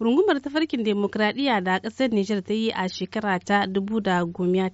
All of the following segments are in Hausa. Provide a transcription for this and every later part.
Rungumar tafarkin demokradiyya da ƙasar Nijar ta yi a shekara ta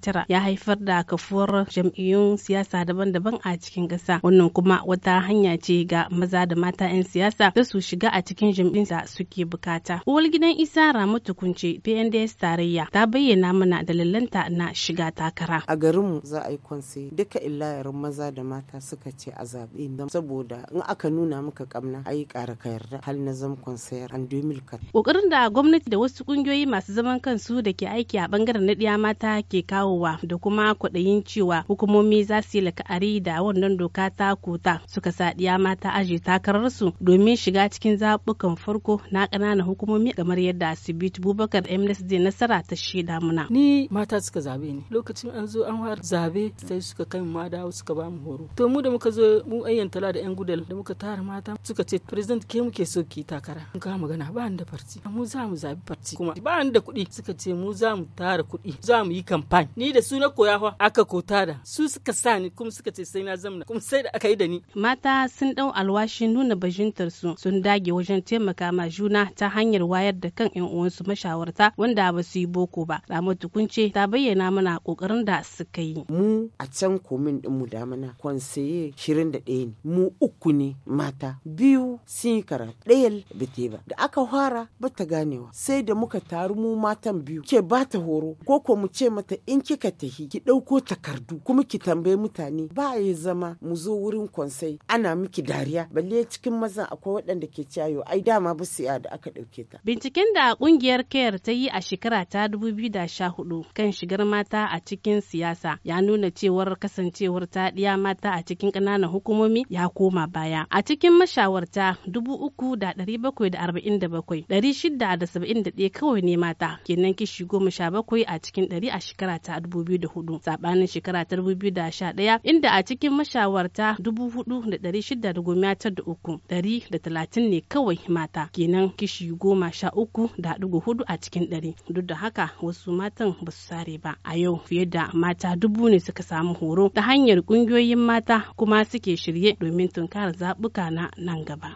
tara ya haifar da kafuwar jam'iyyun siyasa daban-daban a cikin ƙasa. Wannan kuma wata hanya ce ga maza da mata 'yan siyasa da su shiga a cikin jam'iyyun da suke bukata. Uwar gidan Isa Ramatu Kunce PNDS tarayya ta bayyana mana dalilanta na shiga takara. A garin mu za a yi kwanse duka illayarin maza da mata suka ce a zaɓe saboda in aka nuna maka kamna a yi ƙara ka yarda hal na zam kwanse an 2004. yunkurin da gwamnati da wasu kungiyoyi masu zaman kansu da ke aiki a bangaren na mata ke kawowa da kuma kwaɗayin cewa hukumomi za su yi la'akari da wannan doka ta kota suka sa ɗiya mata aji takararsu domin shiga cikin zaɓukan farko na ƙananan hukumomi kamar yadda asibiti bubakar msd nasara ta shaida muna. ni mata suka zabe ne lokacin an zo an wara zabe sai suka kai ma da suka ba mu horo to mu da muka zo mu ayyantala da yan gudal da muka tara mata suka ce president ke muke so ki takara in ka magana ba da farci mu za mu zabi parti kuma ba ni da kuɗi suka ce mu za mu tara kuɗi za mu yi kamfani ni da su na koya fa aka ko tara su suka sa ni kuma suka ce sai na zamna kuma sai da aka yi da ni mata sun dau alwashin nuna bajintar su sun dage wajen taimaka ma juna ta hanyar wayar da kan yan uwansu mashawarta wanda ba su yi boko ba ramatu kunce ta bayyana mana kokarin da suka yi mu a can komin din mu da mana shirin 21 ne mu uku ne mata biyu sun yi karatu ɗayan ba da aka fara ba ta ganewa sai da muka taru mu matan biyu ke ba ta horo ko ko mu ce mata in kika tahi ki ɗauko takardu kuma ki tambayi mutane ba ya zama mu zo wurin konsai ana miki dariya balle cikin mazan akwai waɗanda ke ciyayo ai dama ba su da aka ɗauke ta. Binciken da ƙungiyar kayar ta yi a shekara ta 2014 kan shigar mata a cikin siyasa ya nuna cewar kasancewar ta ɗiya mata a cikin ƙananan hukumomi ya koma baya. A cikin mashawarta 3,747 ɗari shida da saba'in da ɗaya kawai ne mata kenan kishi goma sha bakwai a cikin ɗari a shekara ta dubu biyu da hudu saɓanin shekara ta dubu biyu da sha ɗaya inda a cikin mashawarta dubu hudu da ɗari shida da goma da uku ɗari da talatin ne kawai mata kenan kishi goma sha uku da ɗigo hudu a cikin ɗari duk da haka wasu matan ba su sare ba a yau fiye da mata dubu ne suka samu horo ta hanyar ƙungiyoyin mata kuma suke shirye domin tunkarar zaɓuka na nan gaba.